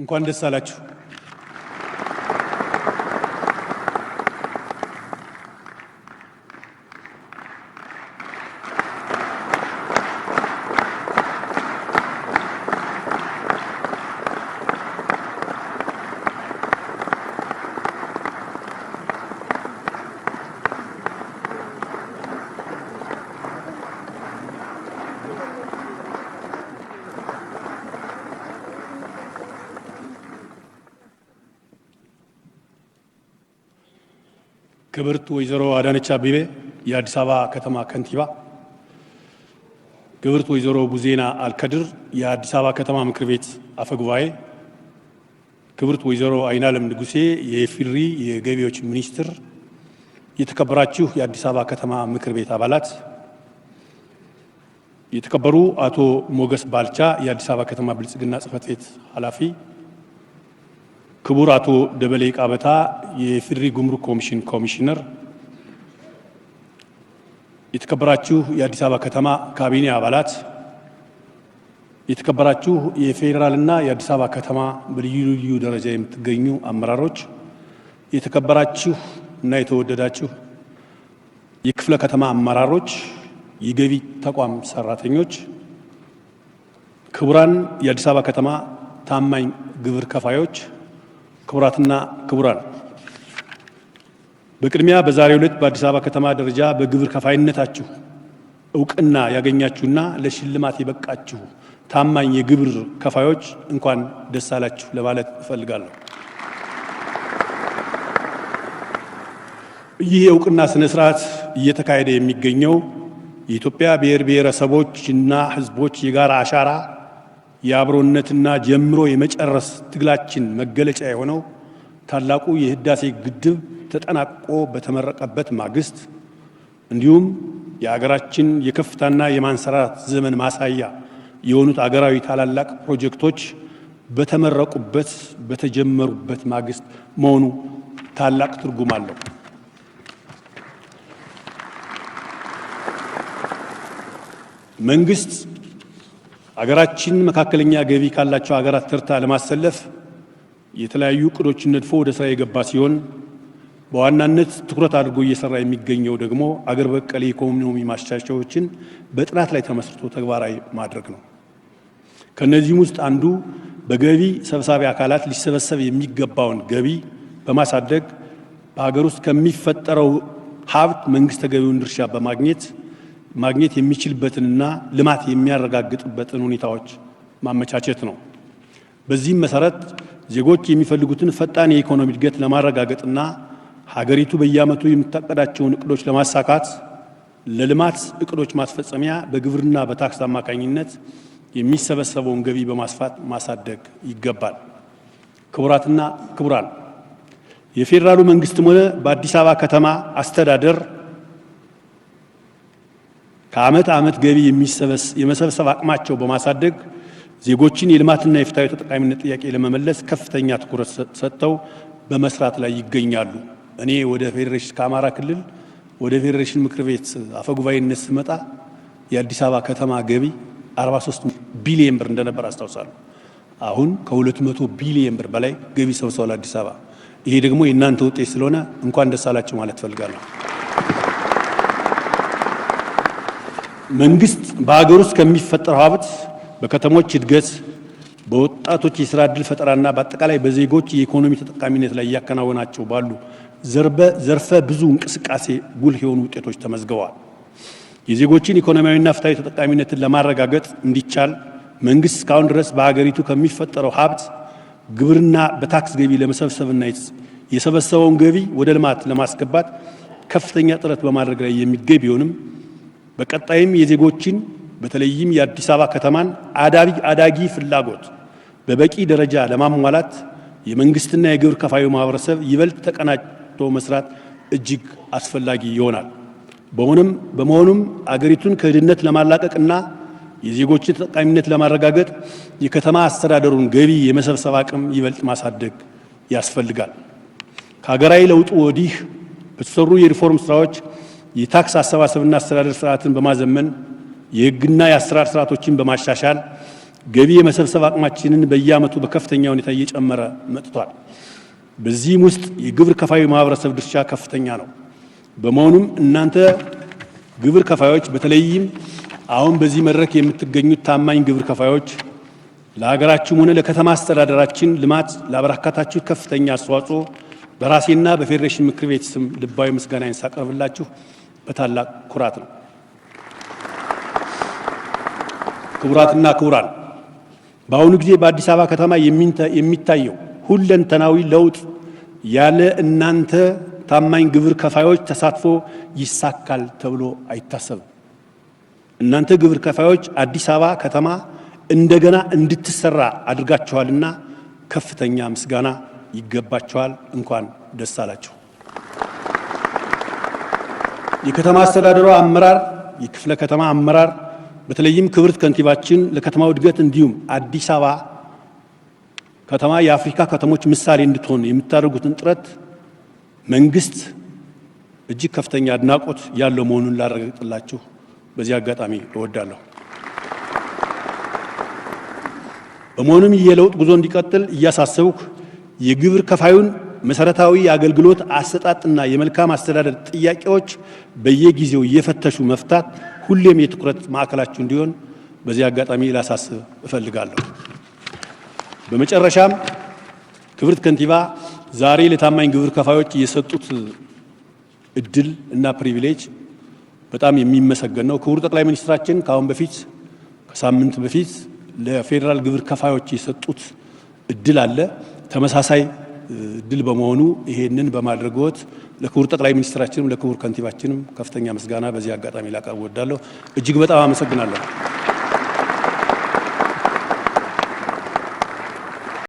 እንኳን ደስ አላችሁ። ክብርት ወይዘሮ አዳነች አቤቤ የአዲስ አበባ ከተማ ከንቲባ፣ ክብርት ወይዘሮ ቡዜና አልከድር የአዲስ አበባ ከተማ ምክር ቤት አፈጉባኤ፣ ክብርት ወይዘሮ አይናለም ንጉሴ የፊሪ የገቢዎች ሚኒስትር፣ የተከበራችሁ የአዲስ አበባ ከተማ ምክር ቤት አባላት፣ የተከበሩ አቶ ሞገስ ባልቻ የአዲስ አበባ ከተማ ብልጽግና ጽህፈት ቤት ኃላፊ ክቡር አቶ ደበሌ ቃበታ የኢፌዴሪ ጉምሩክ ኮሚሽን ኮሚሽነር፣ የተከበራችሁ የአዲስ አበባ ከተማ ካቢኔ አባላት፣ የተከበራችሁ የፌዴራልና የአዲስ አበባ ከተማ በልዩ ልዩ ደረጃ የምትገኙ አመራሮች፣ የተከበራችሁ እና የተወደዳችሁ የክፍለ ከተማ አመራሮች፣ የገቢ ተቋም ሰራተኞች፣ ክቡራን የአዲስ አበባ ከተማ ታማኝ ግብር ከፋዮች ክቡራትና ክቡራን በቅድሚያ በዛሬው ዕለት በአዲስ አበባ ከተማ ደረጃ በግብር ከፋይነታችሁ እውቅና ያገኛችሁና ለሽልማት የበቃችሁ ታማኝ የግብር ከፋዮች እንኳን ደስ አላችሁ ለማለት እፈልጋለሁ። ይህ የእውቅና ስነ ስርዓት እየተካሄደ የሚገኘው የኢትዮጵያ ብሔር ብሔረሰቦች እና ሕዝቦች የጋራ አሻራ የአብሮነትና ጀምሮ የመጨረስ ትግላችን መገለጫ የሆነው ታላቁ የህዳሴ ግድብ ተጠናቆ በተመረቀበት ማግስት እንዲሁም የአገራችን የከፍታና የማንሰራራት ዘመን ማሳያ የሆኑት አገራዊ ታላላቅ ፕሮጀክቶች በተመረቁበት በተጀመሩበት ማግስት መሆኑ ታላቅ ትርጉም አለው። መንግስት አገራችን መካከለኛ ገቢ ካላቸው ሀገራት ተርታ ለማሰለፍ የተለያዩ እቅዶችን ነድፎ ወደ ስራ የገባ ሲሆን በዋናነት ትኩረት አድርጎ እየሰራ የሚገኘው ደግሞ አገር በቀል የኢኮኖሚ ማሻሻያዎችን በጥናት ላይ ተመስርቶ ተግባራዊ ማድረግ ነው። ከእነዚህም ውስጥ አንዱ በገቢ ሰብሳቢ አካላት ሊሰበሰብ የሚገባውን ገቢ በማሳደግ በሀገር ውስጥ ከሚፈጠረው ሀብት መንግስት ተገቢውን ድርሻ በማግኘት ማግኘት የሚችልበትንና ልማት የሚያረጋግጥበትን ሁኔታዎች ማመቻቸት ነው። በዚህም መሰረት ዜጎች የሚፈልጉትን ፈጣን የኢኮኖሚ እድገት ለማረጋገጥና ሀገሪቱ በየዓመቱ የምታቀዳቸውን እቅዶች ለማሳካት ለልማት እቅዶች ማስፈጸሚያ በግብርና በታክስ አማካኝነት የሚሰበሰበውን ገቢ በማስፋት ማሳደግ ይገባል። ክቡራትና ክቡራን፣ የፌዴራሉ መንግስትም ሆነ በአዲስ አበባ ከተማ አስተዳደር ከዓመት ዓመት ገቢ የመሰብሰብ አቅማቸው በማሳደግ ዜጎችን የልማትና የፍትሐዊ ተጠቃሚነት ጥያቄ ለመመለስ ከፍተኛ ትኩረት ሰጥተው በመስራት ላይ ይገኛሉ። እኔ ወደ ፌዴሬሽን ከአማራ ክልል ወደ ፌዴሬሽን ምክር ቤት አፈጉባኤነት ስመጣ የአዲስ አበባ ከተማ ገቢ 43 ቢሊየን ብር እንደነበር አስታውሳለሁ። አሁን ከ200 ቢሊየን ብር በላይ ገቢ ሰብስበዋል አዲስ አበባ። ይሄ ደግሞ የእናንተ ውጤት ስለሆነ እንኳን ደስ አላችሁ ማለት እፈልጋለሁ። መንግስት በሀገር ውስጥ ከሚፈጠረው ሀብት በከተሞች እድገት፣ በወጣቶች የስራ እድል ፈጠራና በአጠቃላይ በዜጎች የኢኮኖሚ ተጠቃሚነት ላይ እያከናወናቸው ባሉ ዘርፈ ብዙ እንቅስቃሴ ጉልህ የሆኑ ውጤቶች ተመዝግበዋል። የዜጎችን ኢኮኖሚያዊና ፍትሐዊ ተጠቃሚነትን ለማረጋገጥ እንዲቻል መንግስት እስካሁን ድረስ በሀገሪቱ ከሚፈጠረው ሀብት ግብርና በታክስ ገቢ ለመሰብሰብና የሰበሰበውን ገቢ ወደ ልማት ለማስገባት ከፍተኛ ጥረት በማድረግ ላይ የሚገኝ ቢሆንም በቀጣይም የዜጎችን በተለይም የአዲስ አበባ ከተማን አዳጊ ፍላጎት በበቂ ደረጃ ለማሟላት የመንግስትና የግብር ከፋዩ ማህበረሰብ ይበልጥ ተቀናጅቶ መስራት እጅግ አስፈላጊ ይሆናል። በሆነም በመሆኑም አገሪቱን ከድህነት ለማላቀቅና የዜጎችን ተጠቃሚነት ለማረጋገጥ የከተማ አስተዳደሩን ገቢ የመሰብሰብ አቅም ይበልጥ ማሳደግ ያስፈልጋል። ከሀገራዊ ለውጡ ወዲህ በተሰሩ የሪፎርም ስራዎች የታክስ አሰባሰብና አስተዳደር ስርዓትን በማዘመን የህግና የአሰራር ስርዓቶችን በማሻሻል ገቢ የመሰብሰብ አቅማችንን በየአመቱ በከፍተኛ ሁኔታ እየጨመረ መጥቷል። በዚህም ውስጥ የግብር ከፋዩ ማህበረሰብ ድርሻ ከፍተኛ ነው። በመሆኑም እናንተ ግብር ከፋዮች፣ በተለይም አሁን በዚህ መድረክ የምትገኙት ታማኝ ግብር ከፋዮች ለሀገራችሁም ሆነ ለከተማ አስተዳደራችን ልማት ላበረካታችሁ ከፍተኛ አስተዋጽኦ በራሴና በፌዴሬሽን ምክር ቤት ስም ልባዊ ምስጋና ሳቀርብላችሁ በታላቅ ኩራት ነው። ክቡራትና ክቡራን፣ በአሁኑ ጊዜ በአዲስ አበባ ከተማ የሚታየው ሁለንተናዊ ለውጥ ያለ እናንተ ታማኝ ግብር ከፋዮች ተሳትፎ ይሳካል ተብሎ አይታሰብም። እናንተ ግብር ከፋዮች አዲስ አበባ ከተማ እንደገና እንድትሰራ አድርጋችኋልና ከፍተኛ ምስጋና ይገባችኋል። እንኳን ደስ አላችሁ። የከተማ አስተዳደሩ አመራር፣ የክፍለ ከተማ አመራር በተለይም ክብርት ከንቲባችን ለከተማው እድገት እንዲሁም አዲስ አበባ ከተማ የአፍሪካ ከተሞች ምሳሌ እንድትሆን የምታደርጉትን ጥረት መንግስት እጅግ ከፍተኛ አድናቆት ያለው መሆኑን ላረጋግጥላችሁ በዚህ አጋጣሚ እወዳለሁ። በመሆኑም የለውጥ ጉዞ እንዲቀጥል እያሳሰብኩ የግብር ከፋዩን መሰረታዊ የአገልግሎት አሰጣጥና የመልካም አስተዳደር ጥያቄዎች በየጊዜው እየፈተሹ መፍታት ሁሌም የትኩረት ማዕከላችሁ እንዲሆን በዚህ አጋጣሚ ላሳስብ እፈልጋለሁ። በመጨረሻም ክብርት ከንቲባ ዛሬ ለታማኝ ግብር ከፋዮች የሰጡት እድል እና ፕሪቪሌጅ በጣም የሚመሰገን ነው። ክቡር ጠቅላይ ሚኒስትራችን ከአሁን በፊት ከሳምንት በፊት ለፌዴራል ግብር ከፋዮች የሰጡት እድል አለ ተመሳሳይ ድል በመሆኑ ይሄንን በማድረጎት ለክቡር ጠቅላይ ሚኒስትራችንም ለክቡር ከንቲባችንም ከፍተኛ ምስጋና በዚህ አጋጣሚ ላቀርብ እወዳለሁ። እጅግ በጣም አመሰግናለሁ።